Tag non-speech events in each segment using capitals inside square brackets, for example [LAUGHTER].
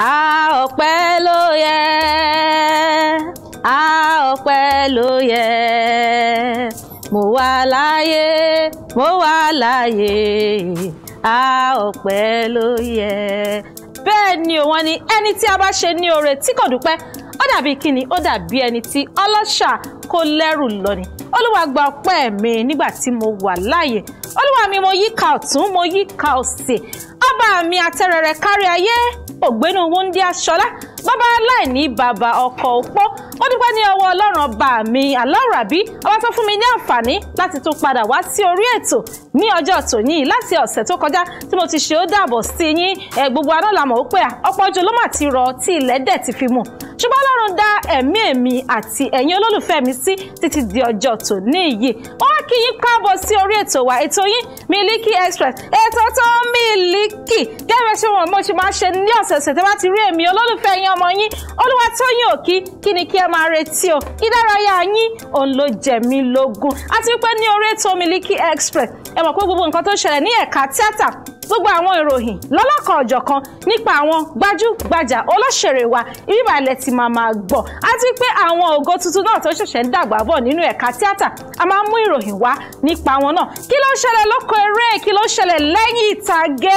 a ọpẹ́ ló yẹ a ọpẹ́ ló yẹ mo wà láyé mo wà láyé a ọpẹ́ ló yẹ. bẹ́ẹ̀ ni òun ni ẹni tí a bá ṣe ní oore tí kò dúpẹ́ ó dàbí kíni ó dàbí ẹni tí ọlọ́ṣà kó lẹ́rù lọ ni olúwa gba ọpẹ́ mi nígbà tí mo wà láàyè olúwa mi mo yíká ọ̀tún mo yíká òsì ọba mi atẹ́rẹrẹ kárí ayé ògbénu wúndíá ṣọlá bàbá aláìní bàbá ọkọ̀ òpó ó dúpẹ́ ní ọwọ́ ọlọ́run ọba mi alárabí ọba tó fún mi ní àǹfààní láti tún padà wá sí orí ètò ní ọjọ́ tòní láti ọ̀sẹ̀ tó kọjá tí mo ti ṣe ó dàbọ̀ sí yín gbogbo aná làmọ̀ ó pé ọ̀pọ̀ ojú ló mà ti rọ tí ilẹ̀ dẹ̀ ti fi mù ṣùgbọ́n ọlọ́run dá ẹ̀mí èmi àti ẹ̀yin olólùfẹ́ mi sí títí di ọjọ́ tòní yìí ó wá kí yín káàbọ̀ sí orí ètò wa ètò yín Miliki Express ètò tó Miliki gẹ́gẹ́ bí mo ṣe máa ṣe ní ọ̀sẹ̀ ọ̀sẹ̀ tẹ́ bá ti rí èmi olólùfẹ́ yín ẹ̀yin ọmọ yín Olúwatóyìn Òkí kí ni kí ẹ máa retí o ìdárayá yín òun ló jẹ lógún àti wípé ní orí ètò Miliki Express ẹ mọ̀ pé gbogbo nǹkan tó ṣẹlẹ̀ ní ẹ̀ka tíátà gbogbo àwọn ìròyìn lọ́lọ́kan ọ̀jọ̀kan nípa àwọn gbajúgbajà olóṣèré wa ìbíbalẹ̀ ti máa máa gbọ́ àti pé àwọn ògo tuntun náà tó ṣẹ̀ṣẹ̀ ń dàgbà bọ̀ nínú ẹ̀ka tíátà a máa ń mú ìròyìn wá nípa wọn náà kí ló ń ṣẹlẹ̀ lóko eré kí ló ń ṣẹlẹ̀ lẹ́yìn ìtàgé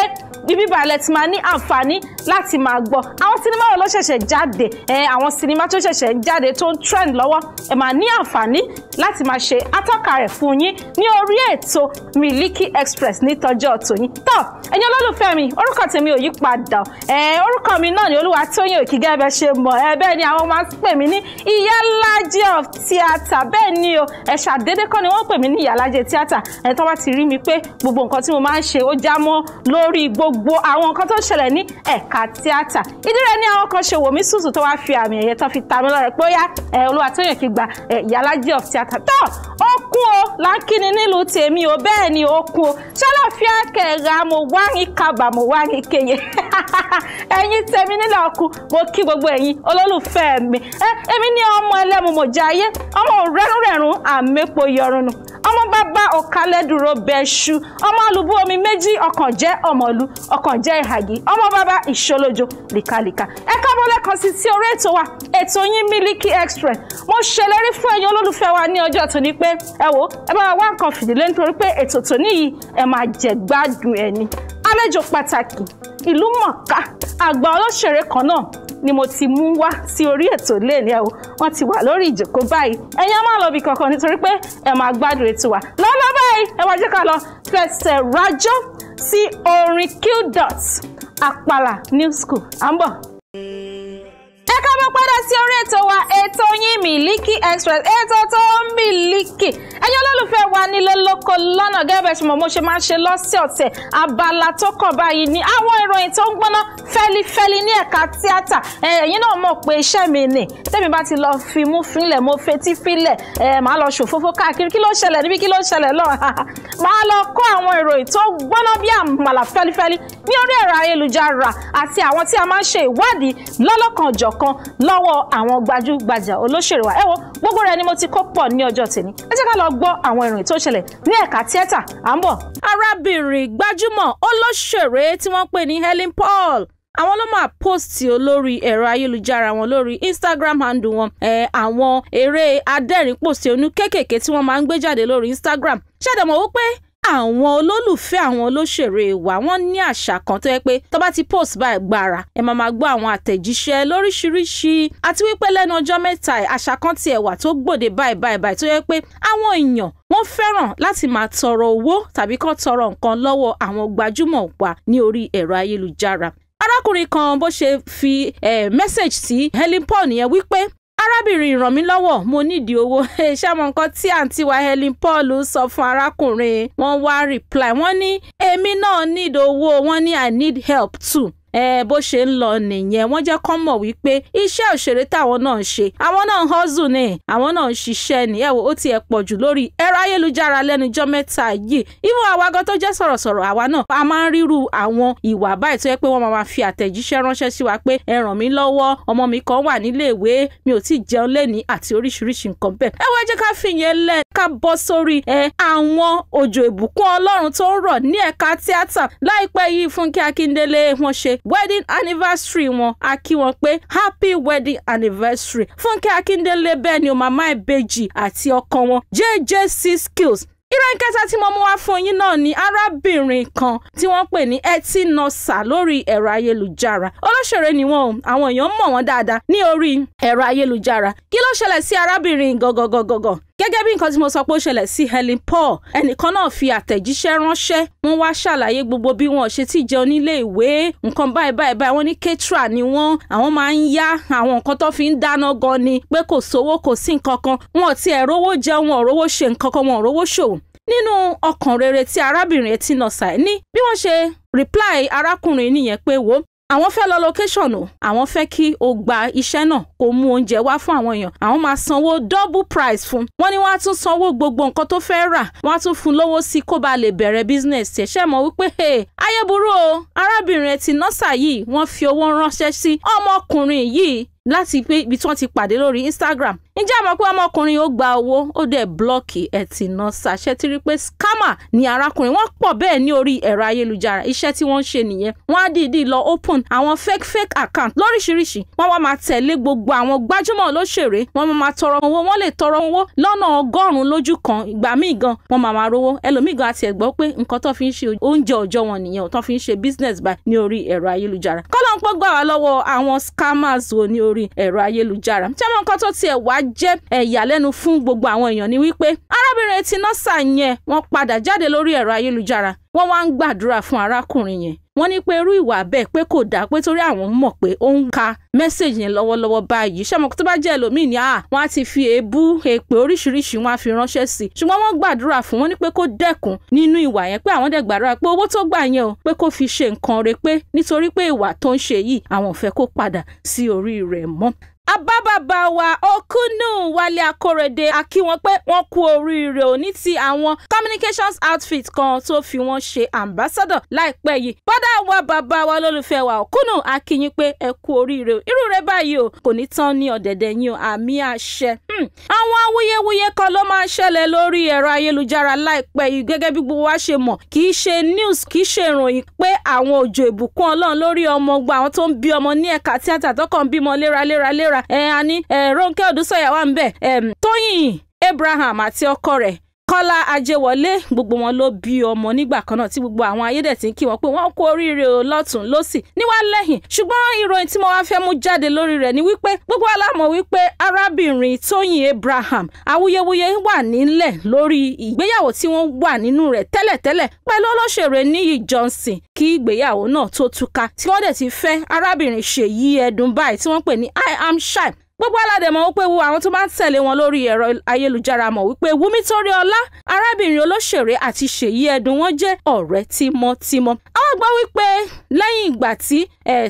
ibi ti máa ní àǹfààní láti máa gbọ́ àwọn sinimá wo ló ṣẹ̀ṣẹ̀ jáde àwọn sinimá tó ṣẹ̀ṣẹ̀ ń jáde tó ń trend lọ́wọ́ ẹ máa ní àǹfààní láti máa ṣe atọ́ka rẹ̀ fún yín ní orí ètò Miliki Express ní tọjọ́ tòní tó ẹ̀yin olólùfẹ́ mi orúkọ tèmi ò yí padà ẹ̀ orúkọ mi náà ni Olúwatóyìn Òkígẹ́ bẹ́ẹ̀ ṣe mọ̀ ẹ bẹ́ẹ̀ ni àwọn máa ń pè mí ní ìyálájẹ́ of tíátà bẹ́ẹ̀ ni o ẹ̀ ṣàdédé kọ́ ni wọ́n pè mí ní ìyálájẹ́ tíátà ẹ̀ tó bá ti rí mi pé gbogbo nǹkan tí mo máa ń ṣe ó já mọ́ lórí gbogbo àwọn nǹkan tó ṣẹlẹ̀ ní ẹ̀ka tíátà ìdílé ní àwọn kan ṣe wò mí of tíátà ṣàtà tọ́ ó kú o lákìní nílùú tèmi o bẹ́ẹ̀ ni ó kú o ṣàlàfíà kẹra mo wá ní kaba mo wá ní kéye [LAUGHS] ẹ̀yin tèmi nílẹ̀ ọkù mo kí gbogbo ẹ̀yin olólùfẹ́ mi ẹ èmi ní ọmọ ẹlẹ́mu ọmọ ọmọ bàbá ọ̀kálẹ́dùrọ̀ bẹ́ṣu ọmọ alùbú omi méjì ọkàn jẹ́ ọmọlú ọkàn jẹ́ ìhàgì ọmọ bàbá ìṣolójo líkalíka ẹ káàbọ̀ lẹ́kan sí tí orí ètò wa ètò yín Miliki Express mo ṣèlérí fún ẹ̀yin olólùfẹ́ wa ní ọjọ́ tòní pé ẹ wò ẹ bá wá nǹkan fìdílé nítorí pé ètò tòní yìí ẹ máa jẹ gbádùn ẹ ní àlejò pàtàkì ìlú mọ̀ká àgbà olóṣèré kan náà ni mo ti mú wá sí orí ètò lẹ́ẹ̀ni ẹ̀ o wọ́n ti wà lórí ìjòkó báyìí ẹ̀yin á máa lọ bí kankan nítorí pé ẹ̀ máa gbádùn ètò wa lọ́nà báyìí ẹ̀ máa jẹ́ ká lọ fẹsẹ̀ rájọ́ sí orin qdot àpàlà new school à ń bọ̀ padà sí orí ètò wa ètò yín Miliki Express ètò tó ń Miliki ẹ̀yin olólùfẹ́ wa nílé lóko lọ́nà gẹ́gẹ́ bẹ́ẹ̀ ṣe mọ̀ mo ṣe máa ń ṣe lọ́sẹ̀ ọ̀tẹ̀ abala tó kàn báyìí ni àwọn ìròyìn tó ń gbóná fẹ́lifẹ́li ní ẹ̀ka tíátà ẹ̀yin náà mọ̀ pé iṣẹ́ mi nì tẹ́mi bá ti lọ fi mú fínlẹ̀ mo fetí fínlẹ̀ ẹ̀ máa lọ ṣòfófó káàkiri kí ló ṣẹlẹ̀ níbi kí ló ṣẹlẹ̀ lọ [LAUGHS] máa lọ kó àwọn ìròyìn tó gbóná bí àmàlà fẹ́lifẹ́li ní orí ẹ̀rọ ayélujára àti àwọn tí a máa ń ṣe ìwádìí lọ́lọ́kanòjọ̀kan lọ́wọ́ àwọn gbajúgbajà olóṣèré wa ẹ wo gbogbo rẹ̀ ni mo ti kó pọ̀ ní ọjọ́ tèmi ẹ jẹ́ ká lọ gbọ́ àwọn ìròyìn tó ṣẹlẹ̀ ní ẹ̀ka tíátà à ń bọ̀. arábìnrin gbajúmọ̀ olóṣèré tí wọ́n pè ní Helen Paul àwọn ló máa pósìtì olórí ẹ̀rọ ayélujára wọn lórí instagram handle wọn ẹ̀ àwọn eré adẹ́rìn-pòṣónú kéékèèké tí wọ́n máa ń gbé jáde lórí instagram ṣẹ̀dẹ̀ mọ̀ wípé àwọn olólùfẹ́ àwọn olóṣèré wa wọ́n ní àṣà kan tó yẹ pé tó bá ti post báyìí gbàrà ẹ máa máa gbọ́ àwọn àtẹ̀jíṣẹ́ lóríṣiríṣi àti wípé lẹ́nu ọjọ́ mẹ́ta àṣà kan tiẹ̀ wà tó gbòde báyìí báyìí báyìí tó yẹ pé àwọn èèyàn wọ́n fẹ́ràn láti máa tọrọ owó tàbí kó tọrọ nǹkan lọ́wọ́ àwọn gbajúmọ̀ wa ní orí ẹ̀rọ ayélujára arákùnrin kan bó ṣe fi eh, message sí Helen Paul nìyẹn wípé arábìnrin ràn mí lọ́wọ́ mo nídìí owó [LAUGHS] ṣé mo nǹkan tí àǹtí wa Helen Paul sọ fún arákùnrin wọ́n wá reply wọ́n ní èmi náà need owó wọ́n ní I need help too bó ṣe ń lọ nìyẹn wọ́n jẹ́ kán mọ̀ wípé iṣẹ́ òṣèré táwọn náà ń ṣe àwọn náà ń hustle ni àwọn náà ń ṣiṣẹ́ ni ẹ wo ó tiẹ̀ pọ̀ jù lórí ẹ̀rọ ayélujára lẹ́nujọ́ mẹ́ta yìí ìwọ àwa gan tó jẹ́ sọ̀rọ̀sọ̀rọ̀ àwa náà a máa ń ríru àwọn ìwà báyìí tó yẹ pé wọ́n máa fi àtẹ̀jíṣẹ́ ránṣẹ́ sí wa pé ẹ ràn mí lọ́wọ́ ọmọ mi kan wà nílé ìwé mi ò tí ì jẹun lẹ́ni àti oríṣiríṣi nǹkan bẹ́ẹ̀ ẹ wá ká bọ́ sórí ẹ àwọn òjò ìbùkún ọlọ́run tó ń rọ̀ ní ẹ̀ka tíátà láìpẹ́ yìí fúnkẹ́ akíndélé wọ́n ṣe wedding anniversary wọn a kí wọn pé happy wedding anniversary fúnkẹ́ akíndélé bẹ́ẹ̀ ni o màmá ìbejì àti ọkọ wọn jjc skills ìròyìn kẹta tí mo mú wá fún yín náà ni arábìnrin kan tí wọ́n pè ní etí nọ́sà lórí ẹ̀rọ ayélujára olóṣèré ni wọ́n o àwọn èèyàn mọ̀ wọ́n dáadáa ní orí ẹ̀rọ ayélujára kí ló ṣẹlẹ̀ sí arábìnrin gọ̀gọ̀gọ̀gọ̀gọ̀ gẹ́gẹ́ bí nǹkan tí mo sọ pé ó ṣẹlẹ̀ sí Helen Paul ẹnìkan náà fi àtẹ̀jíṣẹ́ ránṣẹ́ wọ́n wá ṣàlàyé gbogbo bí wọn ṣe ti jẹ onílé ìwé nǹkan báyìí báyìí báyìí wọ́n ní ketra ni wọ́n àwọn máa ń yá àwọn nǹkan tó fi ń dáná gan ni pé kò sówó kò sí nǹkan kan wọn ò tiẹ̀ rówó jẹun wọn ò rówó ṣe nǹkan kan wọn ò rówó ṣòwò nínú ọkàn rere tí arábìnrin etí nọ̀sà ẹ̀ ní bí wọ́n ṣe reply arákùnrin nìyẹn pé wo àwọn fẹ́ lọ location o àwọn fẹ́ kí o gba iṣẹ́ náà kó mú oúnjẹ wá fún àwọn èèyàn àwọn máa sanwó double price fún wọ́n ní wọ́n á tún sanwó gbogbo nǹkan tó fẹ́ rà wọ́n á tún fún lówó sí kó ba lè bẹ̀rẹ̀ business ẹ̀ ṣẹ́ mọ̀ wípé ayé burú o arábìnrin ẹ̀ ti nọ́sà yìí wọ́n fi owó ránṣẹ́ sí ọmọkùnrin yìí láti pé ibi tí wọ́n ti pàdé lórí Instagram ǹjẹ́ mọ̀ pé ọmọkùnrin ó gba owó ó dẹ̀ blọ́ọ̀kì ẹ̀tì náà ṣàṣẹ́tìrí pé scammer ni arákùnrin wọ́n pọ̀ bẹ́ẹ̀ ní orí ẹ̀rọ ayélujára iṣẹ́ tí wọ́n ń ṣe nìyẹn wọ́n á dìídì lọ open àwọn fake fake account lóríṣiríṣi wọ́n wá máa tẹ̀lé gbogbo àwọn gbajúmọ̀ olóṣèré wọ́n máa tọrọ owó wọ́n lè tọrọ owó lọ́nà ọgọ́rùn-ún lójú kan ìgbà míì gan wọ́n máa máa rówó ẹlòmíì gan àti ẹ̀gbọ́ business by ní orí ẹ̀rọ ayélujára kọ́lọ́n pọ́ gbà wá lọ́wọ́ scammers wo ní orí ẹ̀rọ ayélujára ṣé mọ̀ nǹkan jẹ́ ìyàlẹ́nu fún gbogbo àwọn èèyàn ni wípé arábìnrin tí nọ́ọ̀sà yẹn wọ́n padà jáde lórí ẹ̀rọ ayélujára wọ́n wá ń gbàdúrà fún arákùnrin yẹn wọ́n ní pé irú ìwà bẹ́ẹ̀ pé kò dáa pé torí àwọn mọ̀ pé ó ń ka mẹ́sẹ̀gì yẹn lọ́wọ́lọ́wọ́ báyìí ṣé ọmọ tó bá jẹ́ ẹlòmíì ni àá ah, wọ́n á ti fi èébú èpè oríṣiríṣi wọ́n á fi ránṣẹ́ sí i ṣùgbọ́n wọ́n gbàdúrà fún wọn ní pé kó dẹ́kun nínú ìwà yẹn pé àwọn dẹ̀ gbàdúrà pé owó tó gbà yẹn o pé kó fi ṣe nǹkan re pé nítorí pé ìwà tó ń ṣe yìí àwọn ò fẹ́ kó padà sí orí rẹ̀ mọ́ abábàbà wa okunu wálé akórèdé a kí wọn pé wọ́n kú oríire òní ti àwọn communications outfit kan tó fi wọ́n ṣe ambassador láìpẹ́ yìí bọ́dà wa bàbá wa lólùfẹ́ wa okunu a kí yín pé ẹ kú oríire irú rẹ̀ báyìí o kò ní tán ní ọ̀dẹ̀dẹ̀ yín o àmì àṣẹ àwọn awuyewuye kan ló máa ń ṣẹlẹ̀ lórí ẹ̀rọ ayélujára láìpẹ́ yìí gẹ́gẹ́ bí gbogbo wa ṣe mọ̀ kì í ṣe news kì í ṣe ìròyìn pé àwọn òjò ìbùkún ọlọ́run lórí ọmọ gba àwọn tó ń bí ọmọ ní ẹ̀ka tíátà tó kàn ń bímọ léraléraléra ẹ̀ a ní Rónkẹ́ Odúsọ̀yà wà ń bẹ̀ Tóyìn Abraham àti ọkọ rẹ̀ kọ́lá ajéwọlé gbogbo wọn ló bí ọmọ nígbà kan náà tí gbogbo àwọn ayé dẹ̀ ti ń kí wọn pé wọ́n kú oríire o lọ́tún lọ́sì níwá lẹ́yìn ṣùgbọ́n ìròyìn tí mo wá fẹ́ mú jáde lórí rẹ̀ ni wípé gbogbo alámọ̀ wípé arábìnrin tóyìn abraham awuyewuye wà nílẹ̀ lórí ìgbéyàwó tí wọ́n wà nínú rẹ̀ tẹ́lẹ̀tẹ́lẹ̀ pẹ̀lú olóṣèré níyì johnson kí ìgbéyàwó náà tó túká tí wọ́n dẹ̀ ti fẹ́ arábìnrin ṣèyí ẹ̀dùn báyìí tí wọ́n pè ní i am Shine gbogbo aládẹ̀ mọ̀ wípé àwọn tó máa ń tẹ̀lé wọn lórí ẹ̀rọ ayélujára mọ̀ wípé Wumi Tóríọlá arábìnrin olóṣèré àti Ṣèyí Ẹdùn wọn jẹ́ ọ̀rẹ́ tímọ́tímọ́. àwọn gbọ́ wípé lẹ́yìn ìgbà tí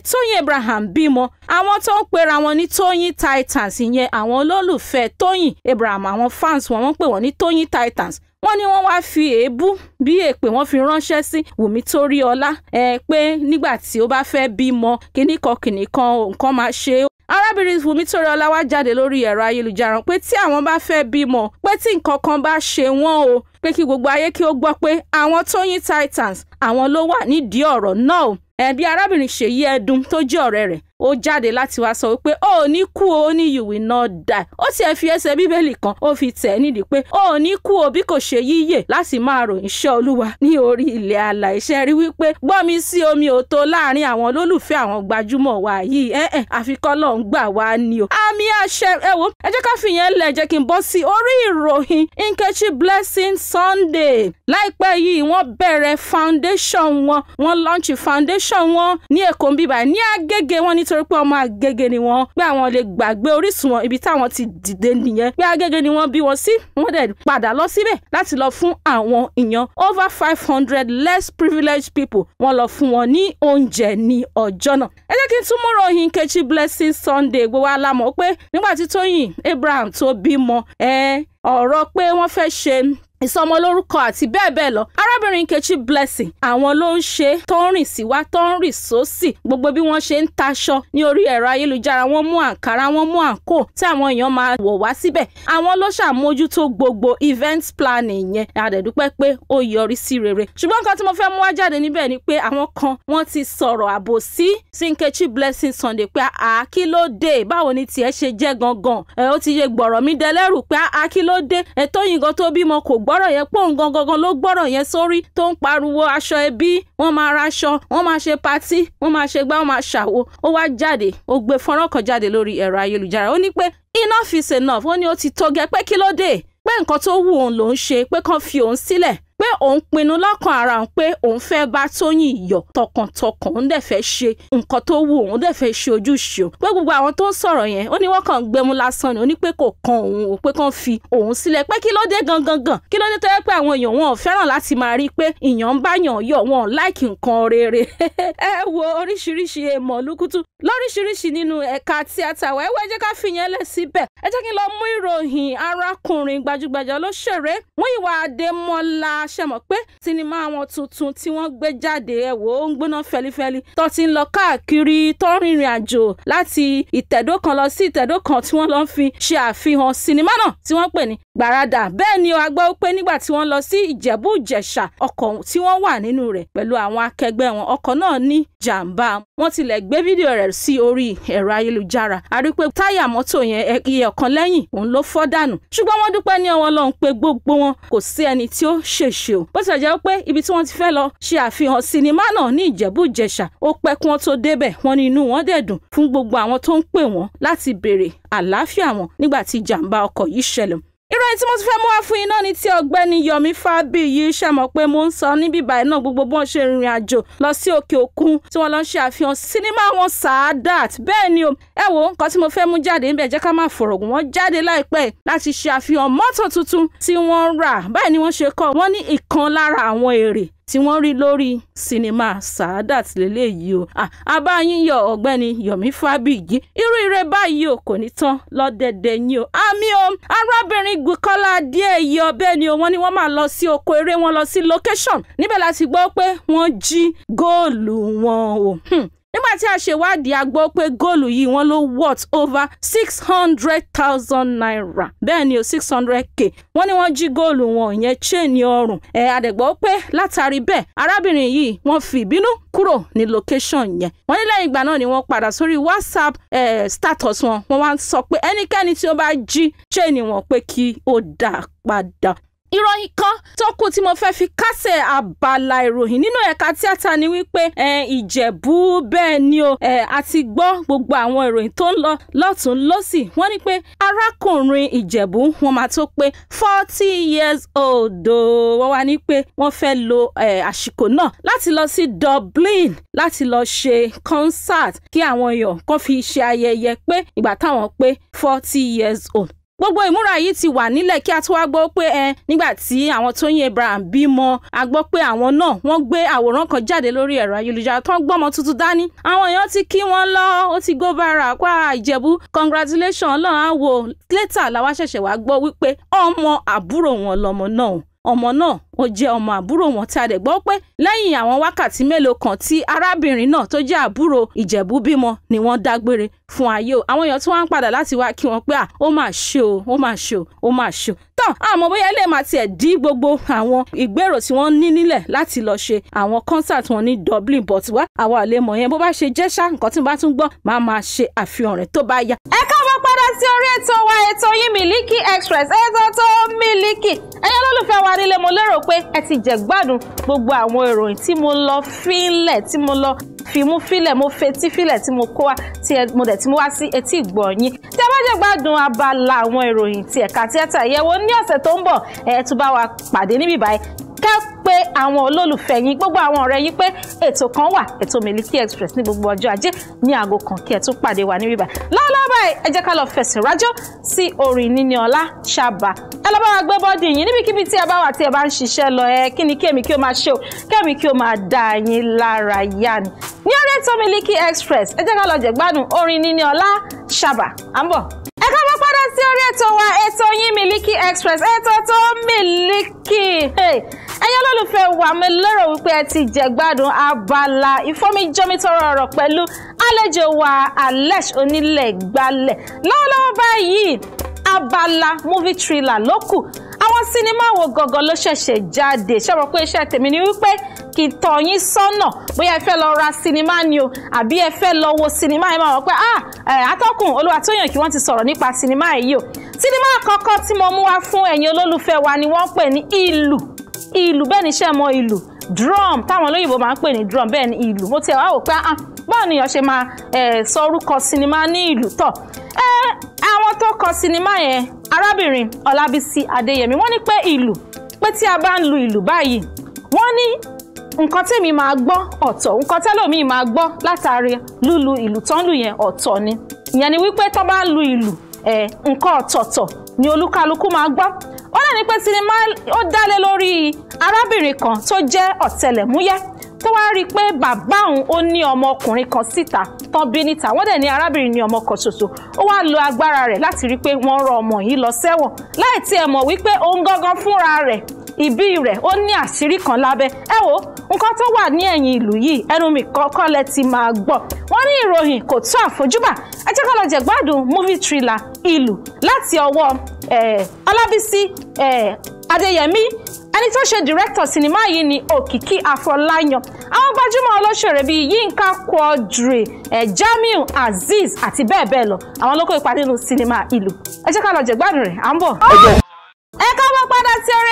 Tóyìn Abraham bímọ àwọn tó ń pera wọn ní Tóyìn Titans ìyẹn àwọn olólùfẹ́ Tóyìn Abraham àwọn fans wọn wọ́n pè wọ́n ní Tóyìn Titans wọ́n ní wọ́n wáá fi èébú bí èpè wọ́n fi ránṣẹ́ sí Wùmí Tóríọlá ẹ pé nígbà tí ó bá fẹ́ bímọ kíníkan kíníkan nǹkan máa ṣe arábìnrin Wùmítòrè Ọláwá jáde lórí ẹ̀rọ ayélujára pé tí àwọn bá fẹ́ bímọ pé tí nǹkan kan bá ṣe wọ́n o pé kí gbogbo ayé kí ó gbọ́ pé àwọn Tóyìn Titans àwọn ló wà nídìí ọ̀rọ̀ náà ẹbí arábìnrin ṣèyí ẹdun tó jẹ́ ọ̀rẹ́ rẹ̀ ó jáde láti wá sọ wípé ó ní kú o ní you will not die ó tiẹ̀ fi ẹsẹ̀ bíbélì kan ó fi tẹ̀ nídìí pé ó ní kú o bí kò ṣe yíyè láti máa ròyìn iṣẹ́ olúwa ní orí ilẹ̀ alààyè iṣẹ́ rí wípé gbọ́mi sí omi òtó láàrin àwọn olólùfẹ́ àwọn gbajúmọ̀ wa yìí ẹ̀ ẹ̀ àfikọ́ lọ́n gbà wá ni o àmì àṣẹ ẹ wo ẹ jẹ́ ká fìyẹn lẹ̀ jẹ́ kí n bọ́ sí orí ìròyìn Nkechi Blessing Sunday láìpẹ́ yìí wọ́n bẹ̀rẹ̀ foundation wọn wọ́n launch foundation wọn ní èkó ń bíbà ní agége wọn nítorí pé ọmọ agége ni wọ́n pé àwọn lè gbàgbé orísun wọn ibi táwọn ti dìde nìyẹn pé agége ni wọ́n bí wọn sí wọ́n dẹ̀ padà lọ síbẹ̀ láti lọ fún àwọn èèyàn over five hundred less privileged people wọ́n lọ fún wọn ní oúnjẹ ní ọjọ́ náà ẹ jẹ́ kí n tún mọ̀rọ̀ yín Nkechi Blessing Sunday gbogbo alamọ̀ pé nígbà tí Tóyìn Abraham tó bímọ ẹ ọ̀rọ̀ pé wọ́n fẹ́ ṣe ìsọmọlórúkọ àti bẹ́ẹ̀ bẹ́ẹ̀ lọ arábìnrin Nkechi Blessing àwọn ló ń ṣe tó ń rìn sí wá tó ń rìn sósì gbogbo bí wọ́n ṣe ń taṣọ ní orí ẹ̀rọ ayélujára wọ́n mú àǹkárá wọ́n mú àǹkó tí àwọn èèyàn máa wọ̀ wá síbẹ̀ àwọn ló ṣàmójútó gbogbo event planning yẹn àdẹ̀dúpẹ́ pé ó yọrí sí rere ṣùgbọ́n nǹkan tí mo fẹ́ mú wá jáde níbẹ̀ ni pé àwọn kan wọ́n ti sọ̀rọ̀ àbòsí sí Nkechi Blessing Sunday pé àá kí ló dé báwo ni tiẹ̀ ṣe jẹ́ gangan ẹ̀ ó ti yẹ gbọ̀rọ̀ mi dẹlẹ́rù pé àá kí ló dé ẹ̀ Tóyìn gan tó bímọ kò gb gbọ́rọ̀ yẹn pé òun gangan ló gbọ́rọ̀ yẹn sórí tó ń pariwo aṣọ ẹbí wọ́n máa ra aṣọ wọ́n máa ṣe patí wọ́n máa ṣe gbá wọ́n máa ṣàwo ó wá jáde ó gbé fọ́nrán kan jáde lórí ẹ̀rọ ayélujára ó ní pé enough is enough ó ní ó ti tó gẹ́ pé kí ló dé pé nǹkan tó wù òun lòún ṣe pé kàn fi òun sílẹ̀ pé òun pinnu lọ́kàn ara òun pé òun fẹ́ bá Tóyìn yọ̀ tọkàntọkàn òun dẹ̀ fẹ́ ṣe nǹkan tó wù òun dẹ̀ fẹ́ ṣe ojúṣe òun pé gbogbo àwọn tó ń sọ̀rọ̀ yẹn ó ní wọ́n kàn ń gbẹmú lásán ni ó ní pé kò kan òun ò pé kàn fi òun sílẹ̀ pé kí ló dé gangan gan kí ló dé tó yẹ pé àwọn èèyàn wọn ò fẹ́ràn láti máa rí pé ìyàn ń bá yàn yọ̀ wọn ò láìkì nǹkan rere [LAUGHS] ẹ wo oríṣiríṣi èèmọ̀ lúkútú lóríṣiríṣi nínú ẹ̀ka tíátà wa ẹ wọ ẹ jẹ́ ká fìyẹn lẹ̀ síbẹ̀ ẹ jẹ́ kí n lọ mú ìròyìn arákùnrin gbajúgbajà olóṣèré Múyìwá Adémọ́lá ṣe mọ̀ pé sinimá wọn tuntun tí wọ́n gbé jáde ẹ̀ wò ó ń gbóná fẹlifẹli tó ti ń lọ káàkiri tó ń rìnrìn àjò láti ìtẹ̀dó kan lọ sí ìtẹ̀dó kan tí wọ́n lọ ń fi ṣe àfihàn sinimá náà tí wọ́n pè ní gbàràdà bẹ́ẹ̀ ni a gbọ́ pé nígbà tí wọ́n lọ sí ìjẹ̀bú-ìjẹ̀ṣà ọkọ̀ tí wọ́n wà nínú rẹ̀ pẹ̀lú àwọn akẹgbẹ́ wọn ọkọ̀ náà ní jàǹbá wọ́n tilẹ̀ gbé fídíò rẹ̀ sí orí ẹ̀rọ ayélujára a rí pé táyà mọ́tò yẹn iye ọ̀kan lẹ́yìn òun ló fọ́ dànù ṣùgbọ́n wọ́n dúpẹ́ ní ọwọ́ Ọlọ́run pé gbogbo wọn kò sí ẹni tí ó ṣèṣe o bó tilẹ̀ jẹ́ pé ibi tí wọ́n ti fẹ́ lọ ṣe àfihàn sinimá náà ní ìjẹ̀bú-ìjẹ̀ṣà ó pẹ́ kí wọ́n tó débẹ̀ wọ́n ní inú wọn dẹ̀ fún gbogbo àwọn tó ń pè wọ́n láti béèrè àlàáfíà wọn nígbà tí jàǹbá ọkọ̀ yìí ṣẹlẹ̀ ìròyìn tí mo ti fẹ́ mú wá fún yín náà ni ti ọ̀gbẹ́ni Yomi Fabiyi ṣe mọ̀ pé mo ń sọ níbi ìbàyẹn náà gbogbo bọ́n ṣe rìnrìn àjò lọ sí òkè òkun tí wọ́n lọ ń ṣe àfihàn sinimá wọn Saadat bẹ́ẹ̀ ni o ẹ wo nǹkan tí mo fẹ́ mú jáde níbẹ̀ jẹ́ ká má fọ̀rọ̀gùn wọ́n jáde láìpẹ́ láti ṣe àfihàn mọ́tò tuntun tí wọ́n rà bẹ́ẹ̀ ni wọ́n ṣe kọ́ wọ́n ní ìkan lára àwọn èrè tí wọ́n rí lórí sinimá Sàádàt lélẹ́yìí o abáyínyọ ọ̀gbẹ́ni Yomi Fábíyì irú ire báyìí o kò ní tán lọ́dẹ̀dẹ̀ yín o àmì o arábìnrin Bùkọ́lá Adéyẹyẹ bẹ́ẹ̀ ni o wọ́n ní wọ́n máa lọ sí oko eré wọn lọ sí location níbẹ̀ láti gbọ́ pé wọ́n jí góòlù wọn o. Hmm nígbà tí a ṣèwádìí a gbọ́ pé góòlù yìí wọ́n ló worth over six hundred thousand naira bẹ́ẹ̀ ni o six hundred k wọ́n ní wọ́n jí góòlù wọn ìyẹn chain ọrùn ẹ̀ àdẹ̀gbọ́ pé látàrí bẹ́ẹ̀ arábìnrin yìí wọ́n fi ìbínú kúrò ní location yẹn wọ́n ní lẹ́yìn ìgbà náà ni wọ́n padà sórí whatsapp eh, status wọn wọ́n wá sọ pé ẹnikẹ́ni tí ó bá jí chain wọn pé kí ó dà padà ìròyìn kan tó kù tí mo fẹ́ fi kásẹ̀ abala ìròyìn nínú ẹ̀ka tíátà ni wípé ìjẹ̀bú bẹ́ẹ̀ ni o a ti gbọ́ gbogbo àwọn ìròyìn tó ń lọ lọ́tún lọ́sì wọ́n ní pé arákùnrin ìjẹ̀bú wọn máa tó pé forty years old o wọ́n wá ní pé wọ́n fẹ́ lo àsìkò náà láti lọ sí Dublin láti lọ ṣe concert kí àwọn èèyàn kan fi ṣe ayẹyẹ pé ìgbà táwọn pé forty years old gbogbo ìmúra yìí ti wà nílẹ̀ kí a tó wá gbọ́ pé ẹ nígbà tí àwọn Tóyìn Abraham bímọ a gbọ́ pé àwọn náà wọ́n gbé àwòrán kan jáde lórí ẹ̀rọ ayélujára tó ń gbọ́mọ tuntun dání àwọn èèyàn ti kí wọ́n lọ ó ti go viral pa Ìjẹ̀bú congratulation ọlọ́run á wò later làwa ṣẹ̀ṣẹ̀ wá gbọ́ wípé ọmọ àbúrò wọn lọmọ náà ọmọ náà ó jẹ́ ọmọ àbúrò wọn tí a dẹ̀ gbọ́ pé lẹ́yìn àwọn wákàtí mélòó kan tí arábìnrin náà tó jẹ́ àbúrò ìjẹ̀bú bímọ ni wọ́n dágbére fún ayé o àwọn èèyàn tí wọ́n ń padà láti wá kí wọn pé à ó mà ṣe o ó mà ṣe o ó mà ṣe o tán àmọ́ bóyá ilé máa tiẹ̀ dí gbogbo àwọn ìgbèrò tí wọ́n ní nílẹ̀ láti lọ ṣe àwọn concert wọn ní Dublin but wá àwa ò mọ̀ yẹn bó bá ṣe jẹ́ ṣá nǹkan tí mo bá tún gbọ́ máa máa ṣe àfihàn rẹ̀ tó bá yá. ẹ káàbọ̀ padà sí orí ètò wa ètò yín Miliki Express ètò tó Miliki ẹ̀yin olólùfẹ́ wa nílé mo lérò pé ẹ ti jẹ̀gbádùn gbogbo àwọn ìròyìn tí mo lọ fínlẹ̀ tí mo lọ fimú filẹ̀ mo fetí filẹ̀ tí mo kó wa tí mo dẹ̀ tí mo wá sí etí ìgbọ̀nyín tí a bá jẹ́ gbádùn abala àwọn ìròyìn ti ẹ̀ka tíátà yẹ̀wò ní ọ̀sẹ̀ tó ń bọ̀ ẹ̀ tún bá wa pàdé níbí báyìí kẹ́kọ̀ọ́ pé àwọn olólùfẹ́ yín gbogbo àwọn ọ̀rẹ́ yín pé ètò kan wà ètò Miliki Express ní gbogbo ọjọ́ ajé ní aago kan kí ẹ tún pàdé wa níbí báyìí lọ́wọ́lọ́wọ́ báyìí ẹ jẹ́ ká lọ fẹsẹ̀ rájọ́ sí orin níní ọlá ṣàbà ẹ lọ́ bá wa gbé bọ́ọ̀dì yín níbikíbi tí ẹ bá wà tí ẹ bá ń ṣiṣẹ́ lọ ẹ kí ni kémi kí o máa ṣe o kémi kí o máa dá yín lára yá ni ní orí ètò Miliki Express ẹ jẹ́ ká lọ jẹ̀gbádùn orin níní ọlá ṣàbà à ń bọ̀ ẹ ká padà sí orí ètò wa ètò yín Miliki Express ètò tó Miliki. Hey olólùfẹ́ wa mi lérò wípé ẹ ti jẹ̀gbádùn abala ìfọ́mijọ́mitọ́rọ̀ ọ̀rọ̀ pẹ̀lú àlejò wa Alesh Onílẹ̀gbálẹ̀ lọ́wọ́lọ́wọ́ báyìí abala movie thriller ló kù àwọn sinimá wo gangan ló ṣẹ̀ṣẹ̀ jáde ṣé pé iṣẹ́ tèmi ni wípé kì í tọ́ yín sọ́nà bóyá ẹ fẹ́ lọ ra sinimá ni o àbí ẹ fẹ́ lọ wo sinimá ẹ máa wọ pé ah atọ́kùn Olúwatóyìn kí wọ́n ti sọ̀rọ̀ nípa sinimá yìí o sinimá àkọ́kọ́ tí mo mú wá fún ẹ̀yin olólùfẹ́ wa ni wọ́n pè ní ìlú ìlù bẹ́ẹ̀ ni iṣẹ́ mọ ìlù drum táwọn olóyìnbó máa ń pè ní drum bẹ́ẹ̀ ni ìlù mo tiẹ̀ wá wò pé ah, báwo nìyàn ṣe máa sọ orúkọ sinimá ní ìlù tọ̀ àwọn tó kọ sinimá yẹn arábìnrin Ọlábísí Adéyẹmí wọ́n ní pé ìlù pé tí a bá ń lu ìlù báyìí wọ́n ní nǹkan tèmi máa gbọ́ ọ̀tọ̀ nǹkan tẹ́lòmíì máa gbọ́ látàrí lulu ìlù tó ń lù yẹn ọ̀tọ̀ ni ìyẹn ni wípé tó bá ń lu ìlù nǹkan ọ̀tọ̀ọ̀tọ̀ ni olúkálukú máa gbọ́ ó náà ní pé sinimá ó dálé lórí arábìnrin kan tó jẹ́ ọ̀tẹlẹ̀múyẹ́ tó wá rí i pé bàbá òun ó ní ọmọkùnrin kan síta tán bí níta wọ́n dẹ̀ ní arábìnrin ní ọmọ kan ṣoṣo ó wá lo agbára rẹ̀ láti rí i pé wọ́n rọ ọmọ yìí lọ sẹ́wọ̀n láì tiẹ̀ mọ̀ wípé òun gangan fúnra rẹ̀ ìbí rẹ̀ ó ní àṣírí kan lábẹ́ ẹ wo nǹkan tó wà ní ẹ̀yìn ìlú yìí ẹnu mi kọ́kọ́ lẹ ti máa gbọ́ wọ́n ní ìròyìn kò tó àfojúbà ẹ jẹ́ ká lọ jẹ̀gbádùn movie thriller ìlú láti ọwọ́ Ọlábísí Adéyẹmí ẹni tó ṣe director sinimá yìí ni Òkìkí Afọláyan àwọn gbajúmọ̀ olóṣèré bíi Yínká Quadri eh, Jamiu Azeez àti bẹ́ẹ̀ bẹ́ẹ̀ lọ àwọn ló kó ipa nínú sinimá ìlú ẹ jẹ́ ká lọ jẹ̀gbádùn rẹ̀ à ń bọ̀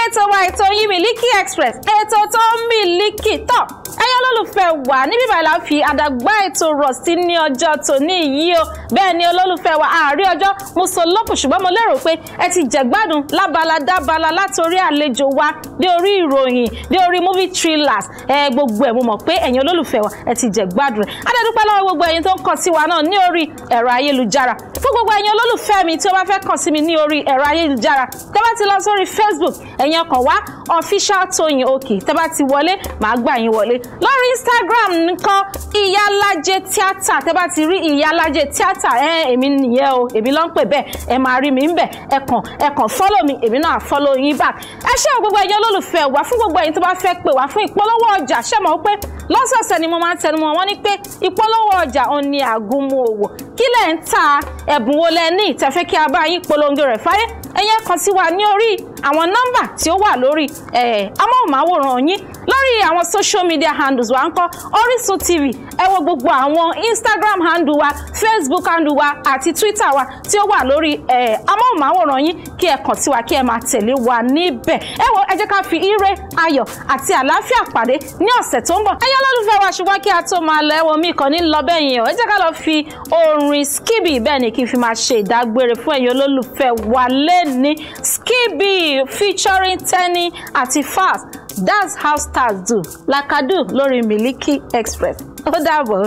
ètò wa ètò yín Miliki Express ètò tó ń Miliki tọ̀ ẹyọ olólùfẹ́ wa níbí báyìí la fi àdàgbà ètò rọ̀ sí ní ọjọ́ tòní yìí o bẹ́ẹ̀ ni olólùfẹ́ wa àárí ọjọ́ mo sọ lọ́pọ̀ ṣùgbọ́n mo lérò pé ẹ ti jẹ̀gbádùn lábala dábala látòrí àlejò wa dé orí ìròyìn dé orí movie thrillers ẹ gbogbo ẹ̀ mo mọ̀ pé ẹ̀yin olólùfẹ́ wa ẹ ti jẹ̀gbádùn rẹ̀ adẹ́dúpẹ́ lọ́wọ́ gbogbo ẹ̀yin tó ń kàn sí wa náà ní orí ẹ̀rọ ayélujára fún gbogbo ẹ̀yin olólùfẹ́ mi tí ó bá fẹ́ mi ní orí ẹ̀rọ ayélujára tẹ́ bá ti lọ sórí Facebook yẹn kàn wá official Tóyìn Òkì tẹ́ bá ti wọlé màá gbà yín wọlé lórí Instagram nìkan ìyálájẹ tíátà tẹ́ bá ti rí ìyálájẹ tíátà ẹ èmi nìyẹn o èmi ló ń pè bẹ́ẹ̀ ẹ máa rí mi ń bẹ̀ ẹ kàn ẹ kàn follow me èmi náà follow yín back ẹ ṣé o gbogbo ẹyẹ olólùfẹ́ wá fún gbogbo ẹ̀yin tó bá fẹ́ pè wá fún ìpolówó ọjà ṣé mọ̀ pé lọ́sọ̀ọ̀sẹ̀ ni mo máa ń tẹnu mọ́ wọn ní pé ìpolówó ọjà òun ni àgúnmu òwò kí lẹ̀ ń ta ẹ̀bùn wo lẹ ní ìtẹ́fẹ́ kí a bá yín polongo rẹ̀ fáyé ẹ̀yẹ́ kan sí wa ní orí àwọn nọ́mbà tí ó wà lórí amóhùnmáwòrán yín lórí àwọn social media handles wa ńkọ́ Orísun TV ẹ wo gbogbo àwọn Instagram handle wa Facebook handle wa àti Twitter wa tí ó wà lórí amóhùnmáwòrán yín kí ẹ kàn sí wa kí ẹ máa tẹ̀lé wa níbẹ̀ ẹ wo ẹ jẹ́ ká fi ire ayọ̀ àti àlàáfíà pàdé ní ọ̀sẹ̀ tó ń bọ̀ ẹyọ́ lọ́lùfẹ́ wa ṣùgbọ́n kí a tó máa lọ ẹwọ mi kàn ní lọ bẹ́yìn o ẹ jẹ́ ká lọ fi orin skibi bẹ́ẹ̀ ni kí n fi máa ṣe ìdágbére fún ẹ̀yin olólùfẹ́ wa lẹ́ni skibi featuring Tenny àti Fast that's how style. Kazu Lakadu Lori Miliki Express ó dàbọ̀.